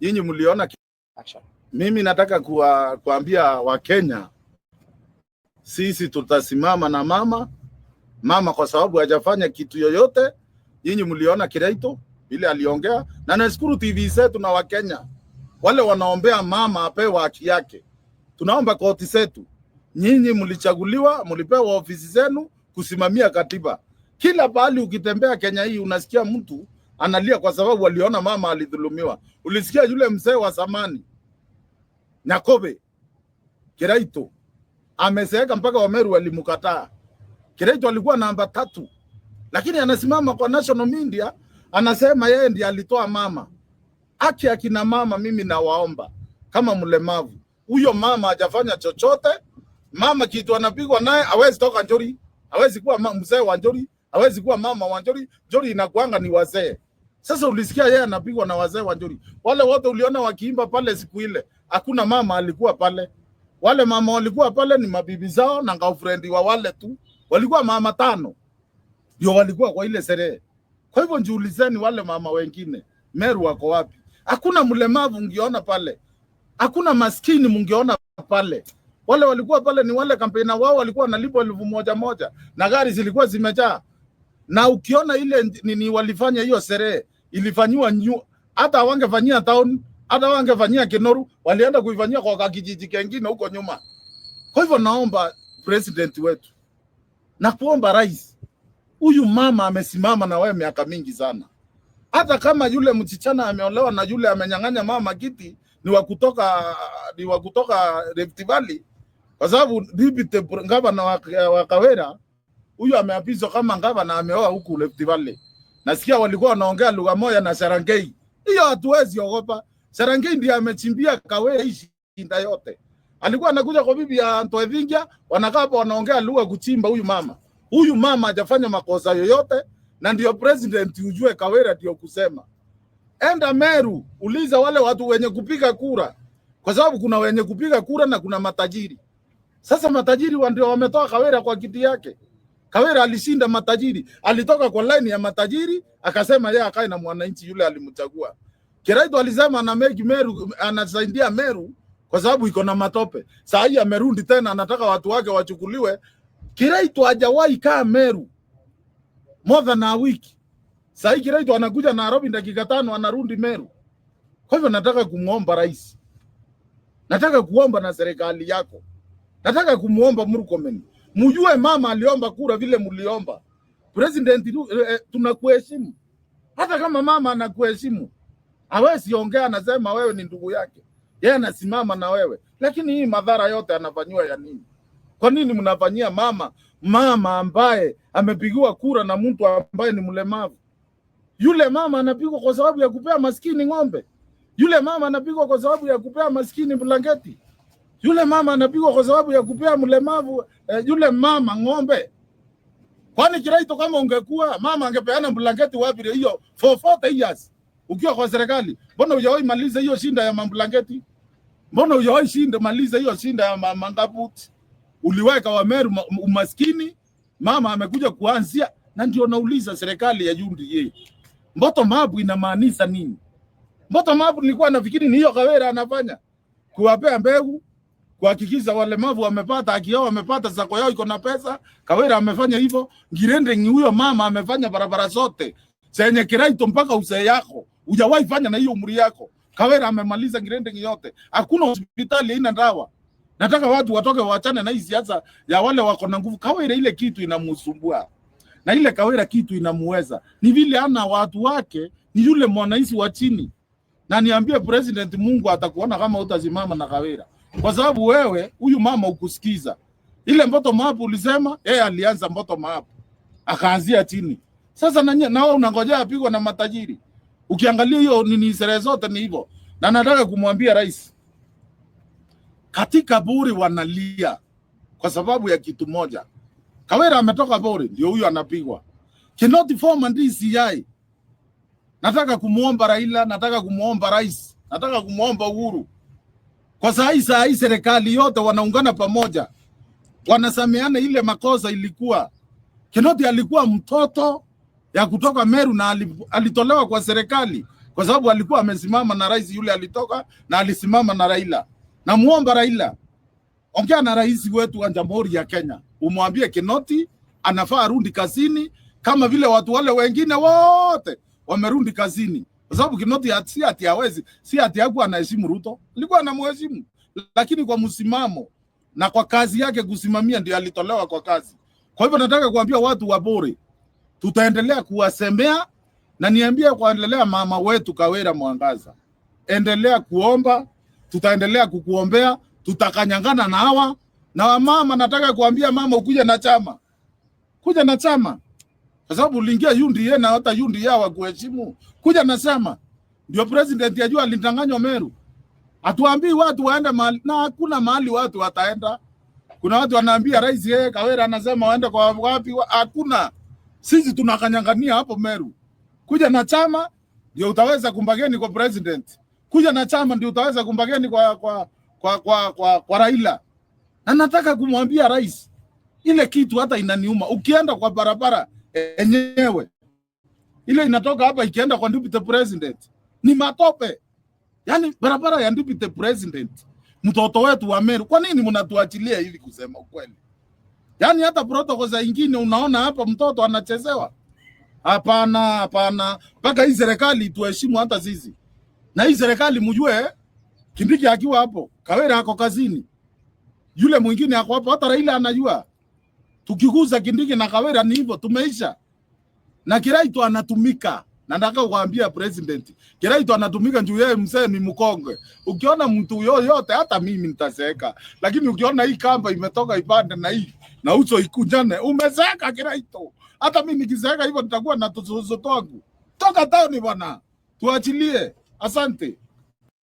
nyinyi mliona ki... mimi nataka kuwa, kuambia Wakenya sisi tutasimama na mama mama, kwa sababu hajafanya kitu yoyote. Nyinyi mliona Kiraito ile aliongea, na nashukuru TV zetu na Wakenya wale wanaombea mama apewe haki yake. Tunaomba koti zetu, nyinyi mlichaguliwa, mlipewa ofisi zenu kusimamia katiba. Kila pahali ukitembea Kenya hii unasikia mtu analia kwa sababu waliona mama alidhulumiwa. Ulisikia yule mzee wa zamani Nyakobe Kiraito amezeeka mpaka Wameru walimkataa. Kiraito alikuwa namba tatu, lakini anasimama kwa national media anasema yeye ndiye alitoa mama. aki akina mama, mimi nawaomba kama mlemavu huyo mama hajafanya chochote. Mama kitu anapigwa naye hawezi toka Njori, hawezi kuwa mzee wa Njori, hawezi kuwa mama wa Njori. Njori inakuanga ni wazee. Sasa ulisikia yeye anapigwa na wazee wa Njuri, wale wote uliona wakiimba pale siku ile, hakuna mama alikuwa pale. Wale mama walikuwa pale ni mabibi zao na girlfriend wa wale tu, walikuwa mama tano ndio walikuwa kwa ile sherehe. Kwa hivyo njiulizeni, wale mama wengine Meru wako wapi? Hakuna mlemavu ungeona pale, hakuna maskini mungeona pale. Wale walikuwa pale ni wale kampeni wao walikuwa wanalipwa elfu moja moja na gari zilikuwa zimejaa, na ukiona ile nini walifanya hiyo sherehe ilifanyiwa nyu, hata wangefanyia town, hata wangefanyia Kinoru, walienda kuifanyia kwa kijiji kengine huko nyuma. Kwa hivyo naomba president wetu na kuomba rais, huyu mama amesimama na wewe miaka mingi sana. Hata kama yule msichana ameolewa na yule amenyang'anya mama kiti, ni wa kutoka ni wa kutoka Rift Valley, kwa sababu Deputy gavana wa Kawera huyu ameapishwa kama gavana, ameoa huku Rift Valley nasikia walikuwa wanaongea lugha moja na Serengei. Hiyo hatuwezi ogopa. Serengei ndiye amechimbia Kaweya hii shinda yote. Alikuwa anakuja kwa bibi ya Ntwethingia, wanakaa hapa wanaongea lugha kuchimba huyu mama. Huyu mama hajafanya makosa yoyote na ndio president ujue Kawera ndio kusema. Enda Meru, uliza wale watu wenye kupiga kura. Kwa sababu kuna wenye kupiga kura na kuna matajiri. Sasa matajiri ndio wametoa Kawera kwa kiti yake. Kawere alishinda matajiri, alitoka kwa line ya matajiri akasema yeye akae na mwananchi yule alimchagua. Kiraitu alisema ana make Meru, anasaidia Meru kwa sababu iko na matope. Saa hii amerudi tena, anataka watu wake wachukuliwe. Kiraitu hajawahi kaa Meru more than a week. Saa hii Kiraitu anakuja Nairobi dakika tano, anarudi Meru. Kwa hivyo nataka kumuomba rais, nataka kuomba na serikali yako, nataka kumuomba Murkomen mujue mama aliomba kura vile mliomba president. Eh, eh, tunakuheshimu hata kama mama anakuheshimu, hawezi ongea, anasema wewe ni ndugu yake, yeye anasimama na wewe, lakini hii madhara yote anafanyiwa ya nini? Kwa nini mnafanyia mama mama ambaye amepigiwa kura na mtu ambaye ni mlemavu? Yule mama anapigwa kwa sababu ya kupea maskini ng'ombe, yule mama anapigwa kwa sababu ya kupea maskini blanketi. Yule mama anapigwa kwa sababu ya kupea mlemavu eh, yule mama ng'ombe. Kwani Kiraito kama ungekuwa mama angepeana blanketi wapi hiyo for four years ukiwa kwa serikali? Mbona hujawahi maliza hiyo shinda ya mamblanketi? Mbona hujawahi shinda maliza hiyo shinda ya mangabuti? Uliweka Wameru umaskini, mama amekuja kuanzia na ndio nauliza serikali ya ye, Mboto mabu inamaanisha nini? Mboto mabu nilikuwa nafikiri ni hiyo Kawera anafanya kuwapea mbegu kuhakikisha walemavu wamepata haki yao, wamepata sako yao iko na pesa. Kawera amefanya hivyo, Ngirende ni huyo mama amefanya barabara zote senye kiraito mpaka usee yako ujawahi fanya na hiyo umri yako. Kawera amemaliza Ngirende yote, hakuna hospitali haina dawa. Nataka watu watoke waachane na hii siasa ya wale wako na nguvu. Kawera ile kitu inamusumbua na ile Kawera kitu inamuweza ni vile ana watu wake, ni yule mwanaisi wa chini. Na niambie president, Mungu atakuona kama utasimama na Kawera kwa sababu wewe huyu mama ukusikiza ile Mboto mapu ulisema yeye alianza Mboto mapu akaanzia chini. Sasa na wewe unangojea apigwe na matajiri. Ukiangalia hiyo ni sera zote ni hivyo, na nataka kumwambia rais, katika buri wanalia kwa sababu ya kitu moja. Kawera ametoka buri, ndio huyo anapigwa. Kinoti Forman DCI, e nataka kumuomba Raila, nataka kumuomba rais, nataka kumuomba Uhuru kwa saa hii, saa hii serikali yote wanaungana pamoja, wanasameana ile makosa ilikuwa. Kinoti alikuwa mtoto ya kutoka Meru na alitolewa kwa serikali kwa sababu alikuwa amesimama na rais yule alitoka na alisimama na Raila. Namuomba Raila, ongea na rais wetu wa Jamhuri ya Kenya, umwambie Kinoti anafaa arundi kazini kama vile watu wale wengine wote wamerundi kazini kwa sababu Kinoti si ati hawezi, si ati hakuwa anaheshimu Ruto, alikuwa anamheshimu, lakini kwa msimamo na kwa kazi yake kusimamia ndio alitolewa kwa kazi. Kwa hivyo nataka kuambia watu wa bure, tutaendelea kuwasemea na niambie kuendelea, mama wetu Kawira Mwangaza, endelea kuomba, tutaendelea kukuombea, tutakanyangana na hawa na wamama. Nataka kuambia mama, ukuja na chama, kuja na chama kwa sababu uliingia UDA na hata UDA kuheshimu Kuja nasema ndio president yajua alidanganywa Meru, atuambii watu waende mahali na hakuna mahali watu wataenda. Kuna watu wanaambia rais yeye Kawera anasema waende kwa wapi? Hakuna, sisi tunakanyangania hapo Meru. Kuja na chama ndio utaweza kumbageni kwa president, kuja na chama ndio utaweza kumbageni kwa kwa kwa kwa kwa, kwa, kwa Raila. Na nataka kumwambia rais ile kitu hata inaniuma. Ukienda kwa barabara enyewe ile inatoka hapa ikienda kwa deputy president ni matope. Yani barabara ya deputy president, mtoto wetu wa Meru. Kwa nini mnatuachilia hivi? Kusema ukweli, yani hata protocol za ingine unaona hapa mtoto anachezewa. Hapana, hapana, mpaka hii serikali tuheshimu hata sisi. Na hii serikali mjue, Kindiki akiwa hapo, Kawere ako kazini, yule mwingine ako hapo, hata Raila anajua Tukiguza Kindiki na Kawira ni hivyo, tumeisha. Na kiraitu anatumika na nataka kuambia president kiraitu anatumika juu yeye mzee ni mkongwe. Ukiona mtu yoyote hata mimi nitazeeka, lakini ukiona hii kamba imetoka ipande na hii na uso ikunjane, umezeeka Kiraito. Hata mimi nikizeeka hivyo nitakuwa na tozo twangu toka tauni bwana, tuachilie. Asante.